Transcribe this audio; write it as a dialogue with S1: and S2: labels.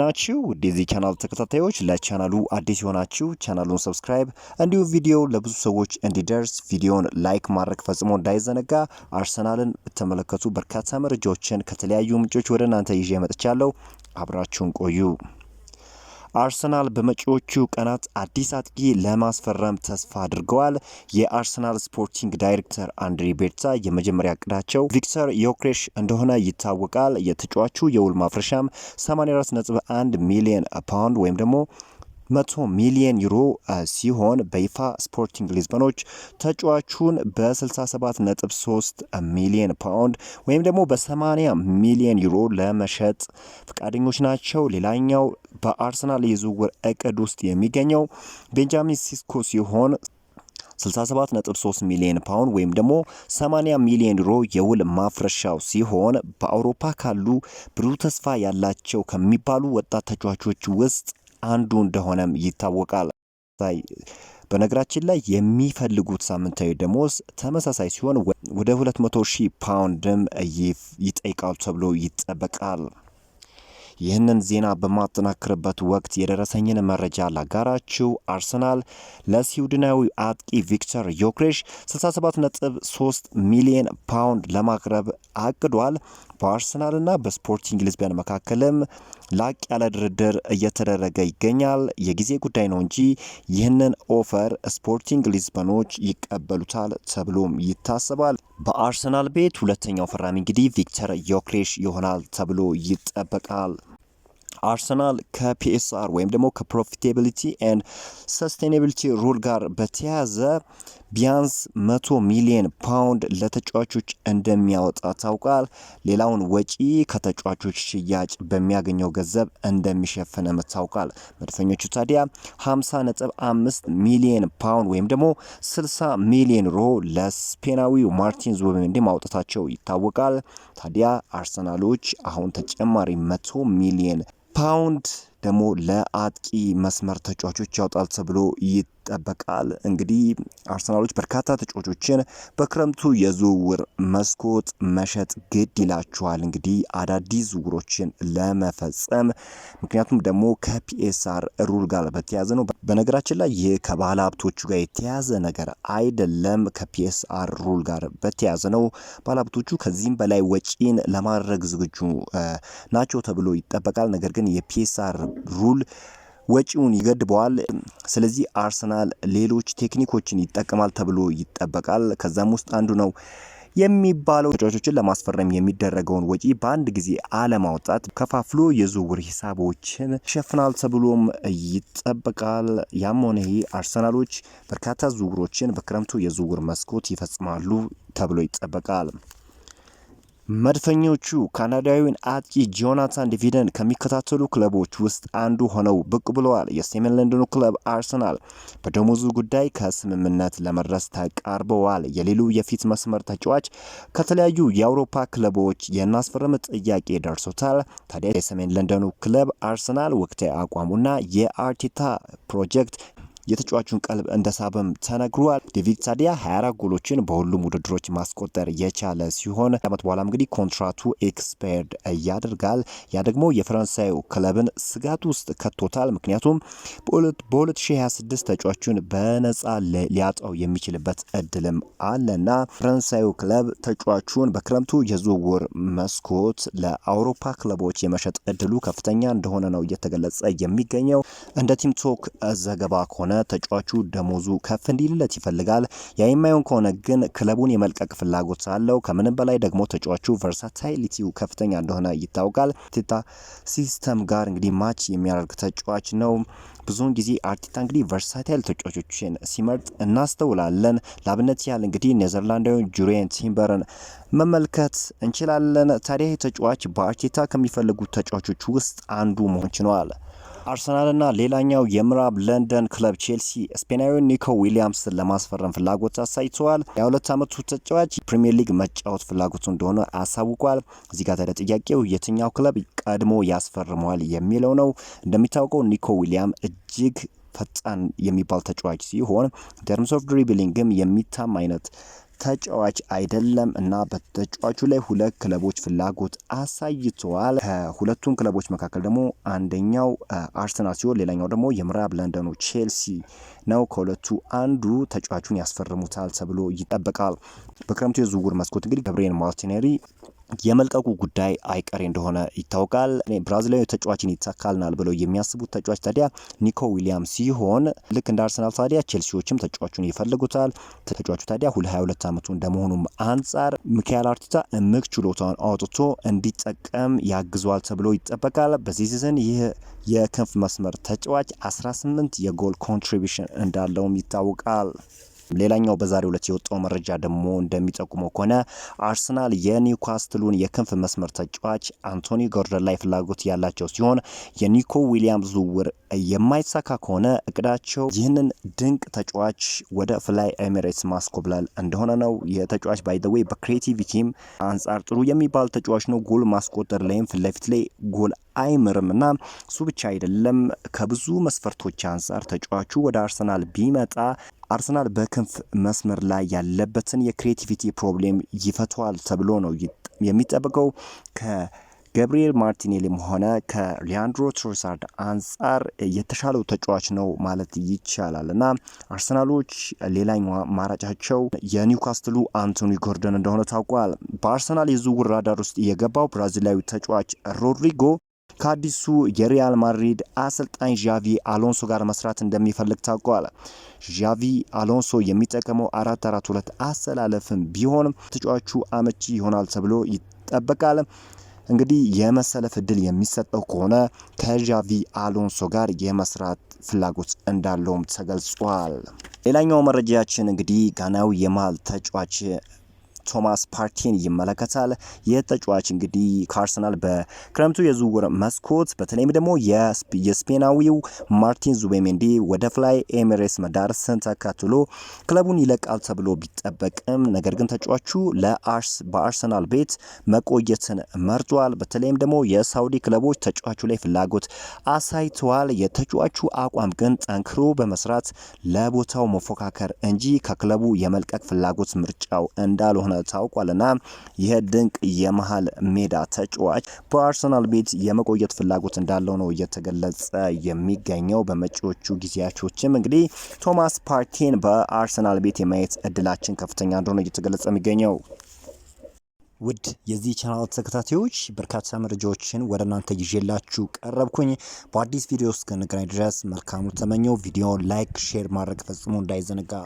S1: ናችሁ ውድ የዚህ ቻናል ተከታታዮች፣ ለቻናሉ አዲስ የሆናችሁ ቻናሉን ሰብስክራይብ እንዲሁም ቪዲዮ ለብዙ ሰዎች እንዲደርስ ቪዲዮን ላይክ ማድረግ ፈጽሞ እንዳይዘነጋ። አርሰናልን ብትመለከቱ በርካታ መረጃዎችን ከተለያዩ ምንጮች ወደ እናንተ ይዤ መጥቻለሁ። አብራችሁን ቆዩ። አርሰናል በመጪዎቹ ቀናት አዲስ አጥቂ ለማስፈረም ተስፋ አድርገዋል። የአርሰናል ስፖርቲንግ ዳይሬክተር አንድሪ ቤርታ የመጀመሪያ እቅዳቸው ቪክተር ዮክሬሽ እንደሆነ ይታወቃል። የተጫዋቹ የውል ማፍረሻም 84.1 ሚሊዮን ፓውንድ ወይም ደግሞ መቶ ሚሊዮን ዩሮ ሲሆን በይፋ ስፖርቲንግ ሊዝበኖች ተጫዋቹን በ67.3 ሚሊዮን ፓውንድ ወይም ደግሞ በ80 ሚሊዮን ዩሮ ለመሸጥ ፈቃደኞች ናቸው። ሌላኛው በአርሰናል የዝውውር እቅድ ውስጥ የሚገኘው ቤንጃሚን ሲስኮ ሲሆን 67.3 ሚሊዮን ፓውንድ ወይም ደግሞ 80 ሚሊዮን ዩሮ የውል ማፍረሻው ሲሆን በአውሮፓ ካሉ ብሩህ ተስፋ ያላቸው ከሚባሉ ወጣት ተጫዋቾች ውስጥ አንዱ እንደሆነም ይታወቃል። በነገራችን ላይ የሚፈልጉት ሳምንታዊ ደሞዝ ተመሳሳይ ሲሆን ወደ 200 ሺህ ፓውንድም ይጠይቃሉ ተብሎ ይጠበቃል። ይህንን ዜና በማጠናክርበት ወቅት የደረሰኝን መረጃ ላጋራችሁ። አርሰናል ለስዊድናዊ አጥቂ ቪክተር ዮክሬሽ 67.3 ሚሊዮን ፓውንድ ለማቅረብ አቅዷል። በአርሰናልና በስፖርቲንግ ሊዝበን መካከልም ላቅ ያለ ድርድር እየተደረገ ይገኛል። የጊዜ ጉዳይ ነው እንጂ ይህንን ኦፈር ስፖርቲንግ ሊዝበኖች ይቀበሉታል ተብሎም ይታሰባል። በአርሰናል ቤት ሁለተኛው ፈራሚ እንግዲህ ቪክተር ዮክሬሽ ይሆናል ተብሎ ይጠበቃል። አርሰናል ከፒኤስአር ወይም ደግሞ ከፕሮፊቴቢሊቲ ኤንድ ሰስቴናቢሊቲ ሩል ጋር በተያያዘ ቢያንስ 100 ሚሊዮን ፓውንድ ለተጫዋቾች እንደሚያወጣ ታውቋል። ሌላውን ወጪ ከተጫዋቾች ሽያጭ በሚያገኘው ገንዘብ እንደሚሸፍንም ታውቋል። መድፈኞቹ ታዲያ 50.5 ሚሊዮን ፓውንድ ወይም ደግሞ 60 ሚሊዮን ሮ ለስፔናዊው ማርቲን ዙቢሜንዲ ማውጣታቸው ይታወቃል። ታዲያ አርሰናሎች አሁን ተጨማሪ 100 ሚሊዮን ፓውንድ ደግሞ ለአጥቂ መስመር ተጫዋቾች ያውጣል ተብሎ ይጠበቃል። እንግዲህ አርሰናሎች በርካታ ተጫዋቾችን በክረምቱ የዝውውር መስኮት መሸጥ ግድ ይላቸዋል፣ እንግዲህ አዳዲስ ዝውውሮችን ለመፈጸም ምክንያቱም ደግሞ ከፒኤስአር ሩል ጋር በተያያዘ ነው። በነገራችን ላይ ይህ ከባለ ሀብቶቹ ጋር የተያዘ ነገር አይደለም፣ ከፒኤስአር ሩል ጋር በተያያዘ ነው። ባለ ሀብቶቹ ከዚህም በላይ ወጪን ለማድረግ ዝግጁ ናቸው ተብሎ ይጠበቃል። ነገር ግን የፒኤስአር ሩል ወጪውን ይገድበዋል። ስለዚህ አርሰናል ሌሎች ቴክኒኮችን ይጠቀማል ተብሎ ይጠበቃል። ከዛም ውስጥ አንዱ ነው የሚባለው ተጫዋቾችን ለማስፈረም የሚደረገውን ወጪ በአንድ ጊዜ አለማውጣት ከፋፍሎ የዝውውር ሂሳቦችን ሸፍናል ተብሎም ይጠበቃል። ያም ሆነ ይህ አርሰናሎች በርካታ ዝውውሮችን በክረምቱ የዝውውር መስኮት ይፈጽማሉ ተብሎ ይጠበቃል። መድፈኞቹ ካናዳዊውን አጥቂ ጆናታን ዲቪደን ከሚከታተሉ ክለቦች ውስጥ አንዱ ሆነው ብቅ ብለዋል። የሰሜን ለንደኑ ክለብ አርሰናል በደሞዙ ጉዳይ ከስምምነት ለመድረስ ተቃርበዋል። የሌሉ የፊት መስመር ተጫዋች ከተለያዩ የአውሮፓ ክለቦች የናስፈረም ጥያቄ ደርሶታል። ታዲያ የሰሜን ለንደኑ ክለብ አርሰናል ወቅታዊ አቋሙና የአርቴታ ፕሮጀክት የተጫዋቹን ቀልብ እንደሳበም ተነግሯል። ዴቪድ ታዲያ 24 ጎሎችን በሁሉም ውድድሮች ማስቆጠር የቻለ ሲሆን ከዓመት በኋላ እንግዲህ ኮንትራቱ ኤክስፐርድ ያደርጋል። ያ ደግሞ የፈረንሳዩ ክለብን ስጋት ውስጥ ከቶታል። ምክንያቱም በ2026 ተጫዋቹን በነፃ ሊያጣው የሚችልበት እድልም አለና ፈረንሳዩ ክለብ ተጫዋቹን በክረምቱ የዝውውር መስኮት ለአውሮፓ ክለቦች የመሸጥ እድሉ ከፍተኛ እንደሆነ ነው እየተገለጸ የሚገኘው እንደ ቲም ቶክ ዘገባ ከሆነ ከሆነ ተጫዋቹ ደሞዙ ከፍ እንዲልለት ይፈልጋል። ያ የማይሆን ከሆነ ግን ክለቡን የመልቀቅ ፍላጎት አለው ከምንም በላይ ደግሞ ተጫዋቹ ቨርሳታይሊቲው ከፍተኛ እንደሆነ ይታወቃል። አርቴታ ሲስተም ጋር እንግዲህ ማች የሚያደርግ ተጫዋች ነው። ብዙውን ጊዜ አርቴታ እንግዲህ ቨርሳታይል ተጫዋቾችን ሲመርጥ እናስተውላለን። ላብነት ያህል እንግዲህ ኔዘርላንዳዊን ጁሪየን ቲምበርን መመልከት እንችላለን። ታዲያ ተጫዋች በአርቴታ ከሚፈልጉት ተጫዋቾች ውስጥ አንዱ መሆን ችሏል። አርሰናልና ሌላኛው የምዕራብ ለንደን ክለብ ቼልሲ ስፔናዊውን ኒኮ ዊሊያምስን ለማስፈረም ፍላጎት አሳይተዋል የሁለት ዓመቱ ተጫዋች ፕሪምየር ሊግ መጫወት ፍላጎቱ እንደሆነ አሳውቋል። እዚህ ጋር ታዲያ ጥያቄው የትኛው ክለብ ቀድሞ ያስፈርመዋል የሚለው ነው። እንደሚታወቀው ኒኮ ዊሊያም እጅግ ፈጣን የሚባል ተጫዋች ሲሆን ተርምስ ኦፍ ድሪብሊንግም የሚታም አይነት ተጫዋች አይደለም እና በተጫዋቹ ላይ ሁለት ክለቦች ፍላጎት አሳይተዋል። ከሁለቱም ክለቦች መካከል ደግሞ አንደኛው አርሰናል ሲሆን ሌላኛው ደግሞ የምዕራብ ለንደኑ ቼልሲ ነው። ከሁለቱ አንዱ ተጫዋቹን ያስፈርሙታል ተብሎ ይጠበቃል። በክረምቱ የዝውውር መስኮት እንግዲህ ገብርኤል ማርቲኔሪ የመልቀቁ ጉዳይ አይቀሬ እንደሆነ ይታወቃል። ብራዚላዊ ተጫዋችን ይተካልናል ብለው የሚያስቡት ተጫዋች ታዲያ ኒኮ ዊሊያም ሲሆን ልክ እንደ አርሰናል ታዲያ ቼልሲዎችም ተጫዋቹን ይፈልጉታል። ተጫዋቹ ታዲያ ሁለ 22 ዓመቱ እንደመሆኑም አንጻር ሚካኤል አርቲታ እምቅ ችሎታውን አውጥቶ እንዲጠቀም ያግዟል ተብሎ ይጠበቃል። በዚህ ሲዝን ይህ የክንፍ መስመር ተጫዋች 18 የጎል ኮንትሪቢሽን እንዳለውም ይታወቃል። ሌላኛው በዛሬው ዕለት የወጣው መረጃ ደግሞ እንደሚጠቁመው ከሆነ አርሰናል የኒውካስትሉን የክንፍ መስመር ተጫዋች አንቶኒ ጎርደን ላይ ፍላጎት ያላቸው ሲሆን የኒኮ ዊሊያም ዝውውር የማይሳካ ከሆነ እቅዳቸው ይህንን ድንቅ ተጫዋች ወደ ፍላይ ኤሚሬትስ ማስኮብላል እንደሆነ ነው። የተጫዋች ባይደዌይ በክሬቲቪቲም አንጻር ጥሩ የሚባል ተጫዋች ነው። ጎል ማስቆጠር ላይም ፊት ለፊት ላይ ጎል አይምርም እና እሱ ብቻ አይደለም። ከብዙ መስፈርቶች አንጻር ተጫዋቹ ወደ አርሰናል ቢመጣ አርሰናል በክንፍ መስመር ላይ ያለበትን የክሬቲቪቲ ፕሮብሌም ይፈቷል ተብሎ ነው የሚጠበቀው ከገብርኤል ማርቲኔሊም ሆነ ከሊያንድሮ ትሮሳርድ አንጻር የተሻለው ተጫዋች ነው ማለት ይቻላል እና አርሰናሎች ሌላኛው አማራጫቸው የኒውካስትሉ አንቶኒ ጎርደን እንደሆነ ታውቋል። በአርሰናል የዝውውር ራዳር ውስጥ የገባው ብራዚላዊ ተጫዋች ሮድሪጎ ከአዲሱ የሪያል ማድሪድ አሰልጣኝ ዣቪ አሎንሶ ጋር መስራት እንደሚፈልግ ታውቋል። ዣቪ አሎንሶ የሚጠቀመው አራት አራት ሁለት አሰላለፍም ቢሆን ተጫዋቹ አመቺ ይሆናል ተብሎ ይጠበቃል። እንግዲህ የመሰለፍ እድል የሚሰጠው ከሆነ ከዣቪ አሎንሶ ጋር የመስራት ፍላጎት እንዳለውም ተገልጿል። ሌላኛው መረጃችን እንግዲህ ጋናዊ የመሃል ተጫዋች ቶማስ ፓርቲን ይመለከታል። የተጫዋች እንግዲህ ከአርሰናል በክረምቱ የዝውውር መስኮት በተለይም ደግሞ የስፔናዊው ማርቲን ዙቤሜንዲ ወደ ፍላይ ኤሚሬትስ መዳረስን ተከትሎ ክለቡን ይለቃል ተብሎ ቢጠበቅም ነገር ግን ተጫዋቹ ለአርስ በአርሰናል ቤት መቆየትን መርጧል። በተለይም ደግሞ የሳውዲ ክለቦች ተጫዋቹ ላይ ፍላጎት አሳይተዋል። የተጫዋቹ አቋም ግን ጠንክሮ በመስራት ለቦታው መፎካከር እንጂ ከክለቡ የመልቀቅ ፍላጎት ምርጫው እንዳልሆነ እንደሆነ ታውቋልና ይህ ድንቅ የመሀል ሜዳ ተጫዋች በአርሰናል ቤት የመቆየት ፍላጎት እንዳለው ነው እየተገለጸ የሚገኘው። በመጪዎቹ ጊዜያቾችም እንግዲህ ቶማስ ፓርቲን በአርሰናል ቤት የማየት እድላችን ከፍተኛ እንደሆነ እየተገለጸ የሚገኘው። ውድ የዚህ ቻናል ተከታታዮች በርካታ መረጃዎችን ወደ እናንተ ይዤላችሁ ቀረብኩኝ። በአዲስ ቪዲዮ እስክንገናኝ ድረስ መልካሙ ተመኘው። ቪዲዮን ላይክ፣ ሼር ማድረግ ፈጽሞ እንዳይዘነጋ።